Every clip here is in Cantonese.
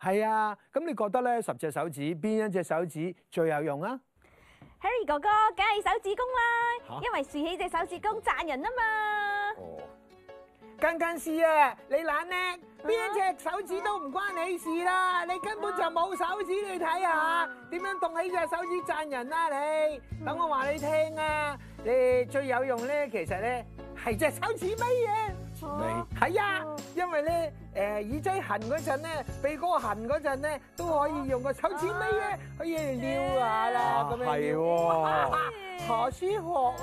係啊，咁你覺得咧，十隻手指邊一隻手指最有用啊？Harry 哥哥梗係手指公啦，因為豎起隻手指公讚人啊嘛。哦，更更是啊，你懶叻，邊一隻手指都唔關你事啦，你根本就冇手指，你睇下，點樣動起隻手指讚人啊你？等我話你聽啊，你最有用咧，其實咧係隻手指尾嘅。係啊，啊，因為咧，誒、呃，耳仔痕嗰陣咧，鼻哥痕嗰陣咧，都可以用個手指尾咧，可以撩下啦咁、啊、樣。係喎，好舒服。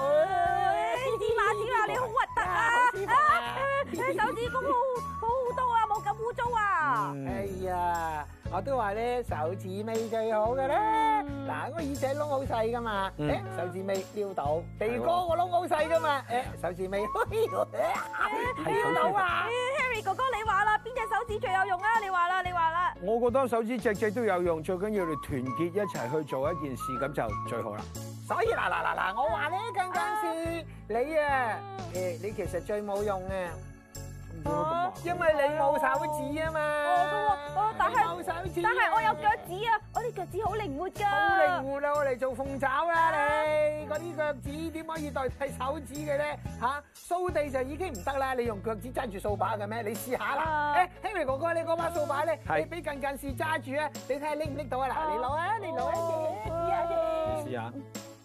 芝麻子啊，你好核突啊！用手指公好，好好多啊，冇咁污糟啊。哎呀、嗯啊，我都話咧，手指尾最好嘅咧。嗱，個耳仔窿好細噶嘛，誒手指尾撩到鼻哥，我窿好細噶嘛，誒手指尾，哎呀，撩到啊！Harry 哥哥你話啦，邊隻手指最有用啊？你話啦，你話啦？我覺得手指隻隻都有用，最緊要你團結一齊去做一件事，咁就最好啦。所以嗱嗱嗱嗱，我話咧，更加是你啊，誒你其實最冇用啊！哦、因為你冇手,手指啊嘛、啊哦，我都我但係但係我有腳趾啊，我啲腳趾好靈活噶，好靈活啊！我嚟做鳳爪啦、啊、你，嗰啲腳趾點可以代替手指嘅咧吓？掃地就已經唔得啦，你用腳趾揸住掃把嘅咩？你試下啦，誒 h 哥哥你嗰把掃把咧，你俾近近視揸住啊，你睇下拎唔拎到啊嗱，哦、試試你攞啊，你攞一啲，試一啲。你試下，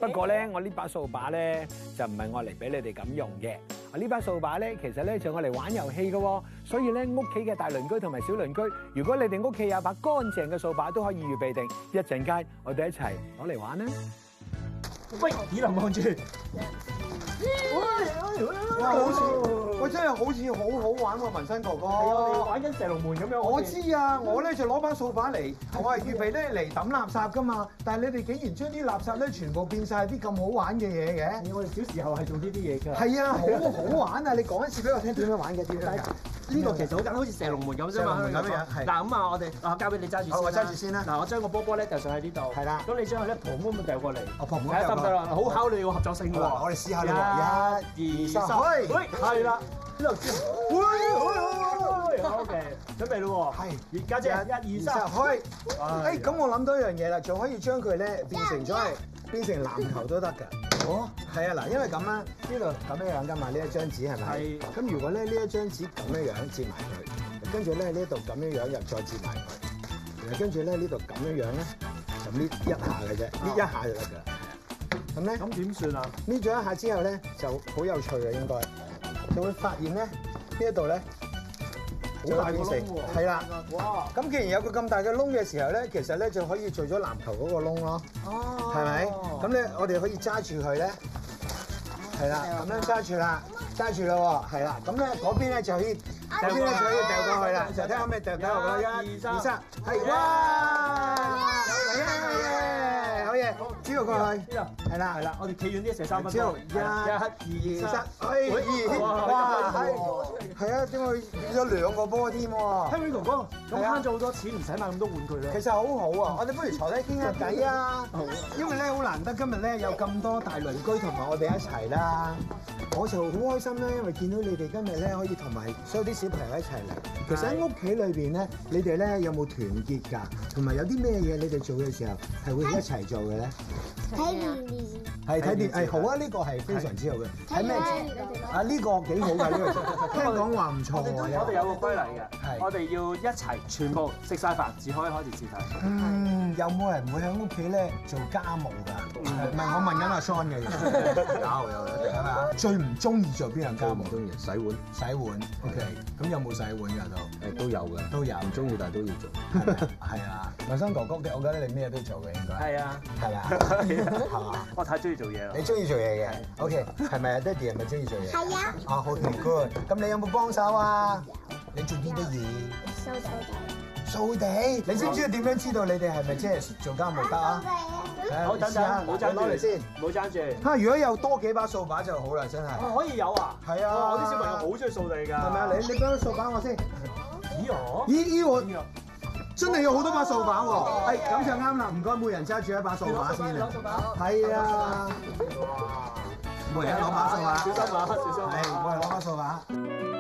不過咧我這把掃呢把掃把咧就唔係我嚟俾你哋咁用嘅。啊！呢把掃把咧，其實咧就我嚟玩遊戲嘅，所以咧屋企嘅大鄰居同埋小鄰居，如果你哋屋企有把乾淨嘅掃把，都可以預備定一陣間，我哋一齊攞嚟玩啦！喂，以琳望住，哇，好串。我真係好似好好玩喎，紋身哥哥。係啊，玩緊石龍門咁樣。我知啊，我咧就攞把掃把嚟，是的我係預備咧嚟抌垃圾㗎嘛。的但係你哋竟然將啲垃圾咧全部變晒啲咁好玩嘅嘢嘅。我哋小時候係做呢啲嘢㗎。係啊，好好玩啊！的你講一次俾我聽點樣玩嘅？點解？謝謝。呢度其實好簡單，好似射龍門咁啫嘛，咁樣。嗱，咁啊，我哋啊交俾你揸住先。我揸住先啦。嗱，我將個波波咧掉上喺呢度。係啦。咁你將佢咧蓬咁樣掉過嚟。哦，蓬咁樣掉落去。一、二、三，開。係啦。梁師傅。誒，準備啦喎。係，而家。一、二、三，開。誒，咁我諗到一樣嘢啦，仲可以將佢咧變成咗係變成籃球都得㗎。哦，係啊，嗱，因為咁啊，呢度咁樣樣噶嘛，呢一張紙係咪？咁是如果咧呢一張紙咁樣樣折埋佢，跟住咧呢度咁樣樣又再折埋佢，跟住咧呢度咁樣樣咧，就搣一下嘅啫，搣、哦、一下就得噶啦。咁咧、哦？咁點算啊？搣咗一下之後咧，就好有趣嘅應該，就會發現咧呢一度咧。這就變成係啦，哇！咁既然有個咁大嘅窿嘅時候咧，其實咧就可以做咗籃球嗰個窿咯，係咪？咁咧，我哋可以揸住佢咧，係啦，咁樣揸住啦，揸住啦，係啦，咁咧嗰邊咧就可以，嗰邊咧就可以掉過去啦，就睇下咩掉到落啦，一、二、三，係，哇！知道過去係啦係啦，我哋企遠啲成三分鐘。一二三，二、三，哎、哇，係，係啊，點解？跌咗兩個波添喎。Henry 哥哥，咁慳咗好多錢，唔使買咁多玩具啦。其實好好啊，我哋不如坐低傾下偈啊。因為咧好難得，今日咧有咁多大鄰居同埋我哋一齊啦，我就好開心咧，因為見到你哋今日咧可以。同埋，所有啲小朋友一齊嚟。其實喺屋企裏邊咧，你哋咧有冇團結㗎？同埋有啲咩嘢你哋做嘅時候係會一齊做嘅咧？睇電視係睇電視係好啊！呢個係非常之好嘅。睇咩啊？呢個幾好㗎呢個。聽講話唔錯。我哋有個規例嘅。係我哋要一齊全部食晒飯，至可以開始自睇。嗯，有冇人會喺屋企咧做家務㗎？唔係我問緊阿 Son 嘅嘢，搞又係，係咪啊？最唔中意做邊樣家務？唔中意洗碗。洗碗。OK。咁有冇洗碗噶都？誒都有嘅，都有。唔中意但係都要做。係啊。阿 Son 哥哥嘅，我覺得你咩都做嘅應該。係啊。係咪啊？係嘛？我太中意做嘢啦。喜歡了你中意做嘢嘅。OK。係咪啊？Daddy 係咪中意做嘢？係啊。啊，好 good。咁你有冇有幫手啊？你做啲乜嘢？收收。掃地，你知唔知點樣知道你哋係咪即係做家務得啊？好等陣，唔好爭攞嚟先，唔好爭住。嚇，如果有多幾把掃把就好啦，真係。可以有啊？係啊，我啲小朋友好中意掃地㗎。係咪啊？你你俾掃把我先。咦我？咦咦我？咦我？真係有好多把掃把喎。係咁就啱啦，唔該，每人揸住一把掃把先啊。係啊。哇！每人攞把掃把。小心攞，小心。係，每人攞把掃把。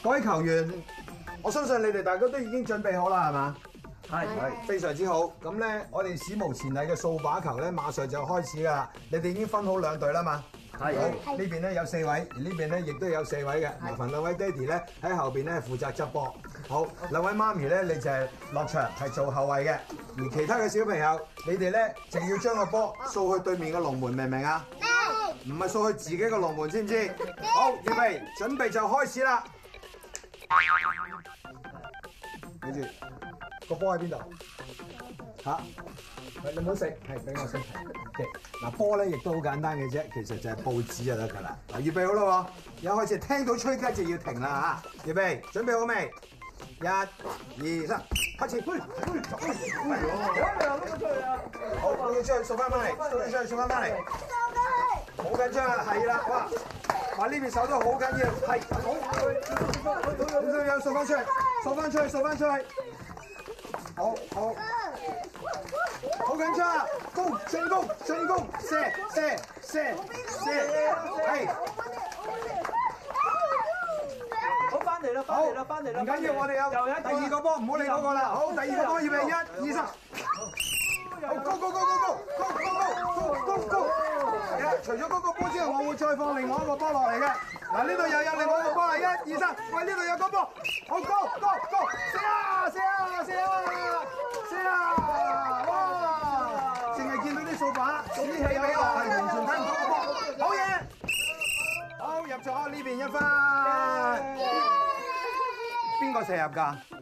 各位球員，我相信你哋大家都已經準備好啦，係嘛？係係非常之好。咁咧，我哋史無前例嘅掃把球咧馬上就開始噶啦。你哋已經分好兩隊啦嘛？係是。好，呢邊咧有四位，而呢邊咧亦都有四位嘅。是麻煩兩位爹哋咧喺後邊咧負責執波。好，兩位媽咪咧你就係落場係做後衛嘅，而其他嘅小朋友，你哋咧就要將個波掃去對面嘅龍門，明唔明啊？係。唔係掃去自己嘅龍門，知唔知？好預備，準備就開始啦！住啊，你住個波喺邊度？吓，你唔好食，係俾我先。OK，嗱波咧亦都好簡單嘅啫，其實就係報紙就得噶啦。嗱，預備好啦，一開始聽到吹吉就要停啦啊！預備，準備好未？一、二、三，開始！好，收翻翻嚟，收翻翻嚟，收翻翻嚟。好緊張啊！係啦，哇！話呢邊守得好緊要，係，好唔該，唔想養，送翻出去，送翻出去，送翻出去，好好，好緊張啊，攻進攻進攻，射射射射，哎，好翻嚟啦，翻嚟啦，翻嚟啦，唔緊要，我哋有第二個波，唔好理嗰個啦，好，第二個波預備，一二三。再放另外一個波落嚟嘅，嗱呢度又有另外一個波係一、二、三，喂呢度有個波，好高高高，射啊射啊射啊射啊，哇！淨係見到啲數碼，死氣有氣，我係完全睇唔到波，好嘢，好入咗呢邊一分，邊個射入㗎？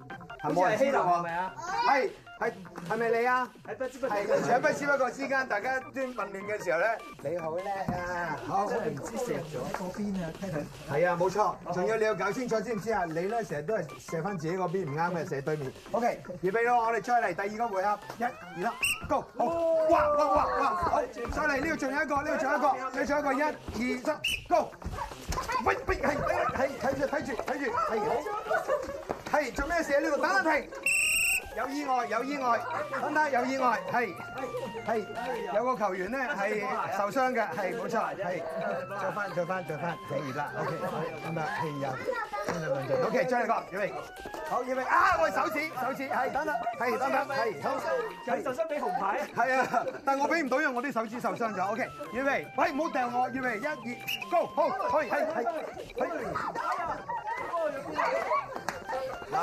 唔係希臘喎，係咪啊？係係係咪你啊？係不不，係不不，不知不覺之間大家鍛鍊嘅時候咧，你好叻啊！好，我哋唔知射咗嗰邊啊，睇佢。係啊，冇錯。仲要你要搞清楚知唔知啊？你咧成日都係射翻自己嗰邊唔啱嘅，射對面。OK，預備咯，我哋再嚟第二個回合，一、二、三，Go！好，哇哇哇哇！好，再嚟，呢度仲有一個，呢度仲有一個，呢度仲有一個，一、二、三，Go！喂，係係係，睇住睇住睇住，係好。係做咩事？呢度等一停，有意外，有意外，等等有意外，係係，有個球員咧係受傷嘅，係冇錯，係，再翻再翻再翻，第二啦，OK，等等，第二，真係問題，OK，張大哥，雨薇，好，雨薇，啊，我手指手指係，等等，係，等等，係，受傷，有受傷俾紅牌啊？係啊，但我俾唔到因為我啲手指受傷咗，OK，雨薇，喂，唔好掉我，雨薇一二，Go，好，開，係，係，係。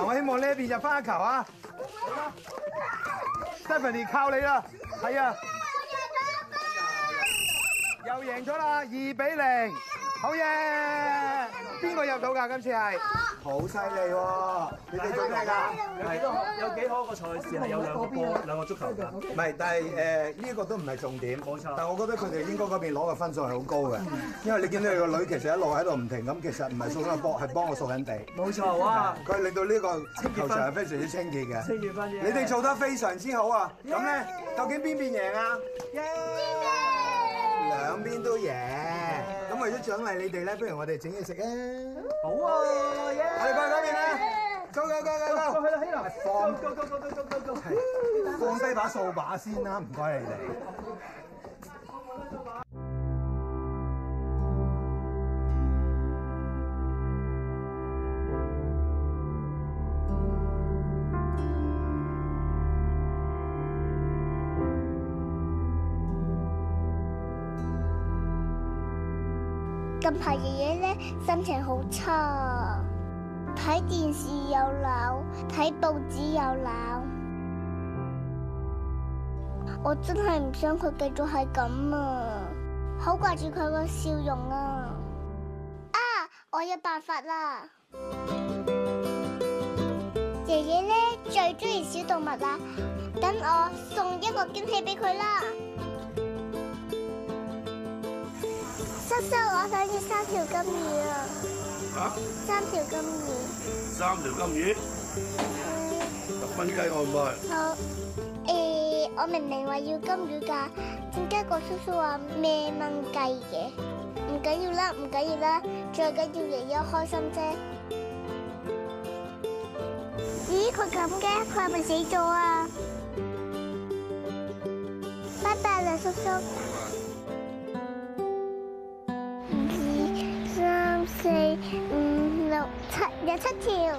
我希望呢一邊入返球啊吧！Stephanie 會靠你啦，係會啊，又贏咗啦，二會比零。好嘢！邊個入到㗎？今次係好犀利喎！你哋做咩㗎？有幾多？有幾多個賽事係有兩個波，兩個足球嘅？唔係，但係誒呢一個都唔係重點。冇錯。但係我覺得佢哋應該嗰邊攞嘅分數係好高嘅，因為你見到佢個女其實一路喺度唔停咁，其實唔係掃緊波，係幫我掃緊地。冇錯啊！佢令到呢個球場係非常之清潔嘅。清潔分嘅。你哋做得非常之好啊！咁咧，究竟邊邊贏啊？兩邊。兩邊都贏。為咗獎勵你哋咧，不如我哋整嘢食啊！好啊，我哋過去嗰邊啦，Go Go Go Go Go，去啦希臘，放放放放放放放，放低把掃把先啦，唔該你哋。排爺爺咧心情好差，睇電視又鬧，睇報紙又鬧，我真係唔想佢繼續係咁啊！好掛住佢個笑容啊！啊！我有辦法啦！爺爺咧最中意小動物啦，等我送一個驚喜俾佢啦！叔叔，我想要三條金魚啊！吓，三條金魚，三條金魚，十蚊雞我買。好，誒，我明明話要金魚㗎，點解個叔叔話咩蚊雞嘅？唔緊要啦，唔緊要啦，最緊要爺爺開心啫。咦，佢咁嘅，佢係咪死咗啊？拜拜啦，叔叔。五、六、七，有七條。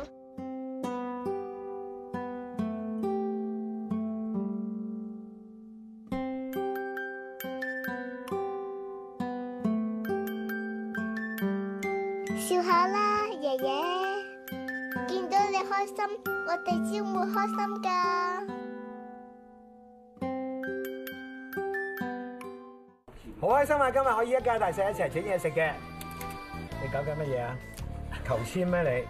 笑下啦，爺爺，見到你開心，我哋先會開心㗎。好開心啊！今日可以一家大細一齊整嘢食嘅。你搞緊乜嘢啊？求簽咩你？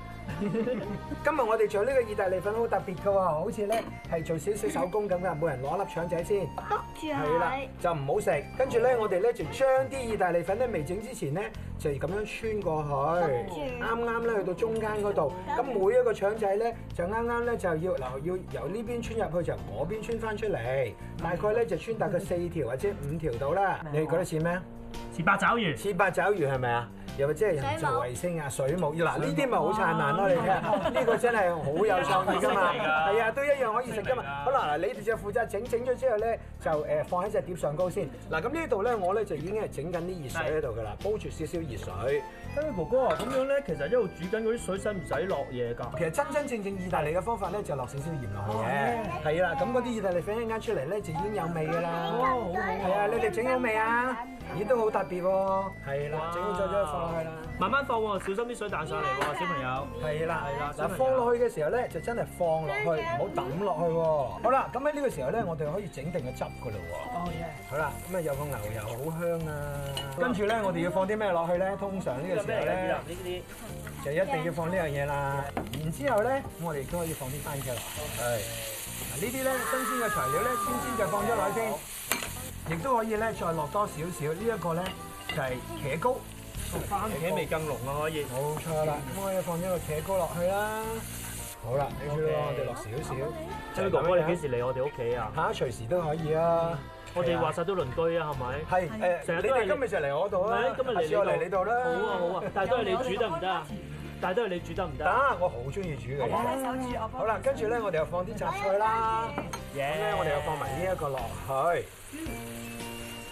今日我哋做呢個意大利粉好特別㗎喎，好似咧係做少少手工咁嘅。每人攞一粒腸仔先，係啦謝謝，就唔好食。跟住咧，我哋咧就將啲意大利粉咧未整之前咧。就咁樣穿過去，啱啱咧去到中間嗰度，咁每一個腸仔咧就啱啱咧就要嗱要由呢邊穿入去，就嗰邊穿翻出嚟，大概咧就穿大概四條或者五條到啦。你覺得似咩？似八爪魚？似八爪魚係咪啊？又或者係人造衛星啊？水母嗱呢啲咪好燦爛咯！你聽呢個真係好有創意㗎嘛！係啊，都一樣可以食㗎嘛！好啦，嗱，你哋就負責整整咗之後咧，就誒放喺隻碟上高先。嗱咁呢度咧，我咧就已經係整緊啲熱水喺度㗎啦，煲住少少熱水，咁樣哥哥咁樣咧，其實一路煮緊嗰啲水不用，使唔使落嘢㗎？其實真真正正意大利嘅方法咧，就落少少鹽落嘅。係啦對，咁嗰啲意大利粉一啱出嚟咧，就已經有味㗎啦。哦，好，好係啊，你哋整好味啊？咦對，都好特別喎。係啦了，整好咗，之後放落去啦。慢慢放喎，小心啲水彈上嚟喎，小朋友。係啦，係啦。嗱，放落去嘅時候咧，就真係放落去，唔好抌落去喎。好啦，咁喺呢個時候咧，我哋可以整定個汁噶啦喎。好嘅。好啦，咁啊有個牛油，好香啊。跟住咧，我哋要放啲咩落去咧？通常呢個時候咧，呢啲就一定要放呢樣嘢啦。然之後咧，我哋都可以放啲番茄。係。嗱呢啲咧新鮮嘅材料咧，先先就放咗落去先，亦都可以咧再落多少少。呢一個咧就係茄膏。番茄味更濃啊！可以，冇錯啦。咁我要放一個茄膏落去啦。好啦，你幫我哋落少少。周哥哥，你幾時嚟我哋屋企啊？吓，隨時都可以啊。我哋話晒都鄰居啊，係咪？係，誒，成日你哋，今日成日嚟我度啊。今日嚟我度啦。好啊好啊，但係都係你煮得唔得啊？但係都係你煮得唔得？得，我好中意煮嘅嘢。好啦，跟住咧，我哋又放啲雜菜啦。嘢，咁咧我哋又放埋呢一個落去。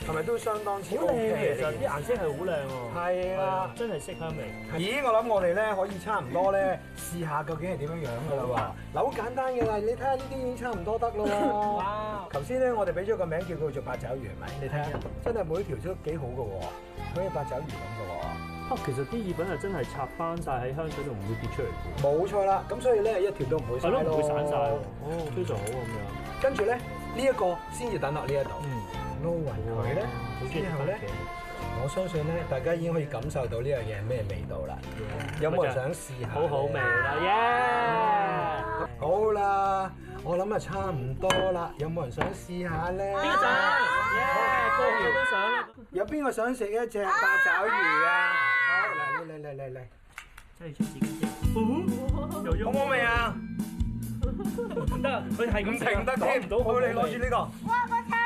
係咪都相當潮？好，其實啲顏色係好靚喎。係啊，真係色香味。咦，我諗我哋咧可以差唔多咧試下究竟係點樣樣噶啦。嗱，好簡單嘅啦，你睇下呢啲已經差唔多得咯。哇！頭先咧我哋俾咗個名叫佢做八爪魚，係咪？你睇下，真係每一條都幾好噶喎，好似八爪魚咁噶喎。其實啲意粉係真係插翻晒喺香水度，唔會跌出嚟。冇錯啦，咁所以咧一條都唔會散咯，唔會散曬。哦，非常好咁樣。跟住咧呢一個先至等落呢一度。嗯。撈勻佢咧，之後咧，我相信咧，大家已經可以感受到呢樣嘢係咩味道啦。有冇人想試下？好好味啊！Yes。好啦，我諗就差唔多啦。有冇人想試下咧？邊個想？有邊個想食一隻八爪魚啊？好，嚟嚟嚟嚟嚟，擠出自己嘅，好唔好味啊？唔得，佢係咁食唔得添。你攞住呢個。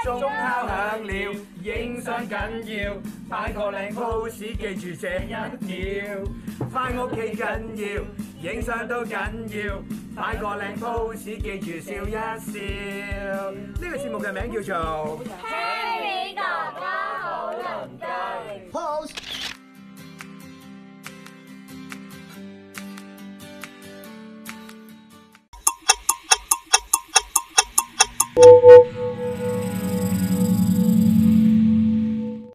鐘敲響了，影相緊要，擺個靚 pose，記住這一票，返屋企緊要，影相都緊要，擺個靚 pose，記住笑一笑。呢個節目嘅名叫做。